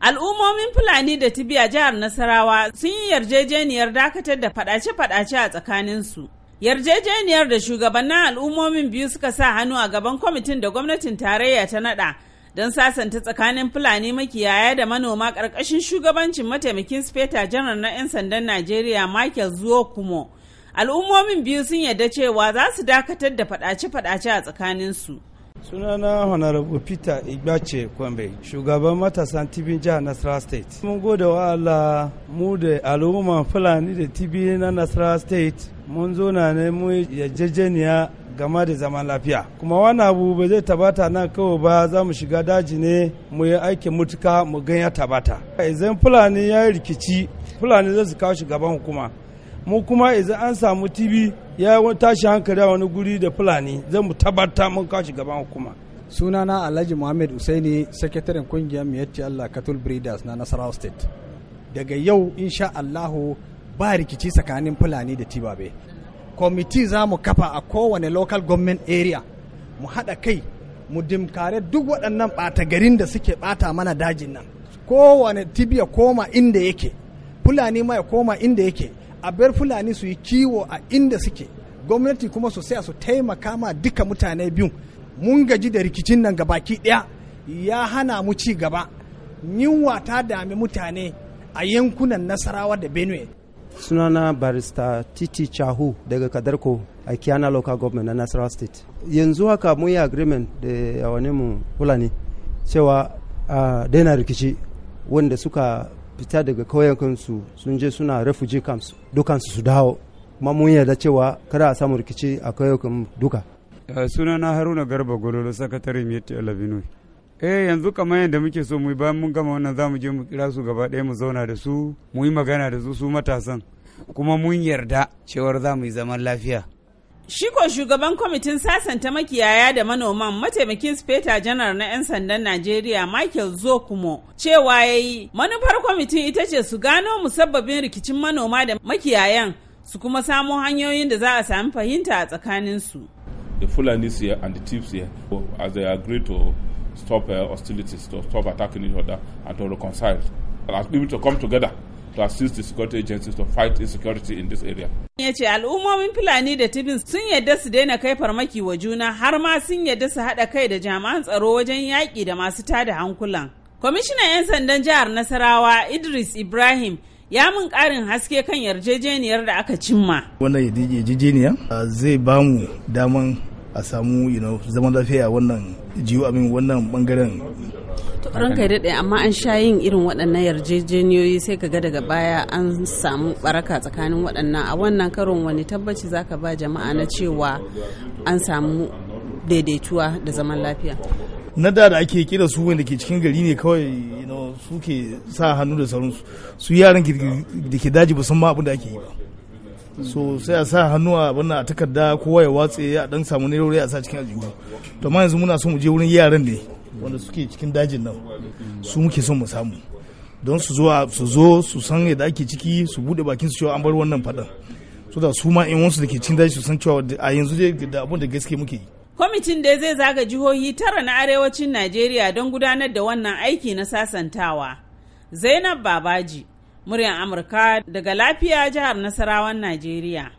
Al'ummomin Fulani da Tibiya jihar Nasarawa sun yi yarjejeniyar dakatar da fadace-fadace a tsakaninsu. Yarjejeniyar da shugabannin al'ummomin biyu suka sa hannu a gaban kwamitin da gwamnatin tarayya ta naɗa don sasanta tsakanin Fulani makiyaya da manoma ƙarƙashin shugabancin mataimakin speta janar na 'yan sandan Najeriya Michael kumo Al'ummomin biyu sun yarda cewa za su dakatar da fadace-fadace a tsakaninsu. sunana honorable peter igbace kwambe shugaban matasan tibin jihar nasarawa state mun gode wa allah mu da al'umman fulani da tibi na nasarawa state mun zo na ne mu yajejeniya game da zaman lafiya kuma wani abu ba zai tabata nan kawai ba za mu shiga daji ne mu yi aikin mutuka mu ganya tabata. tabata idan fulani ya rikici fulani zai su kawo shugaban hukuma mu kuma idan an samu tv ya tashi hankali a wani guri da fulani zan mu tabbata mun kashi gaban hukuma sunana alhaji muhammad usaini sakataren kungiyar miyatti allah cattle breeders na nasarawa state daga yau insha allahu ba rikici tsakanin fulani da tibabe kwamiti za mu kafa a kowane local government area mu haɗa kai mu dimkare duk waɗannan ɓata garin da suke ɓata mana dajin nan kowane tibiya koma inda yake fulani ma ya koma inda yake a bar fulani su yi kiwo a inda suke gwamnati kuma su saya su taimaka ma duka mutane biyu mun gaji da rikicin nan gabaki ɗaya ya hana mu ci gaba yunwa ta dami mutane a yankunan nasarawa da benue sunana barista titi chahu daga kadarko a kiana local government na nasarawa state yanzu haka mun yi agreement da yawanin mu fulani cewa a daina rikici wanda suka fita daga kauyenkansu sun je suna refugee camps dukansu su dawo kuma mun yarda cewa kada a samu rikici a kauyukan duka suna na haruna garba gololo sakatare miyatti alabinoi eh yanzu kamar yadda muke so mu bayan mun gama wannan zamu je mu kira su gaba ɗaya mu zauna da su mu yi magana da su su matasan kuma mun yarda cewar za yi zaman lafiya Shiko shugaban kwamitin sasanta makiyaya da manoman mataimakin speta janar na 'yan sandan Najeriya Michael Zokumo cewa ya yi manufar kwamitin ita ce su gano musabbabin rikicin manoma da makiyayan su kuma samo hanyoyin da za a sami fahimta a tsakaninsu. The Fulanis and the Chiefs here, as they agree to stop uh, to stop attacking each other and to reconcile, to come together to assist the security agencies to fight insecurity in this area. Ya ce al'ummomin Fulani da Tibin sun yadda su daina kai farmaki wa juna har ma sun yadda su haɗa kai da jami'an tsaro wajen yaƙi da masu tada hankulan. Kwamishinan 'yan sandan jihar Nasarawa Idris Ibrahim ya mun ƙarin haske kan yarjejeniyar da aka cimma. Wannan yarjejeniya zai bamu daman a samu zaman lafiya wannan jiyo wannan bangaren ranka daɗe amma an sha yin irin waɗannan yarjejeniyoyi sai ka ga daga baya an samu baraka tsakanin waɗannan a wannan karon wani tabbaci za ka ba jama'a na cewa an samu daidaituwa da zaman lafiya na da ake kira su wanda ke cikin gari ne kawai suke sa hannu da sauransu su yaran da ke daji ba sun ma abin da ake yi ba so sai a sa hannu a wannan a takarda kowa ya watse ya dan samu ne a sa cikin aljihu to ma yanzu muna so mu je wurin yaran ne wanda suke cikin dajin nan su muke son mu samu don su zo su zo su san yadda ake ciki su bude bakin su cewa an bar wannan fadan so da su ma in wasu da ke cikin daji su san cewa a yanzu dai da abun da gaske muke yi kwamitin da zai zaga jihohi tara na arewacin najeriya don gudanar da wannan aiki na sasantawa zainab babaji Muryar Amurka daga lafiya jihar Nasarawan Najeriya.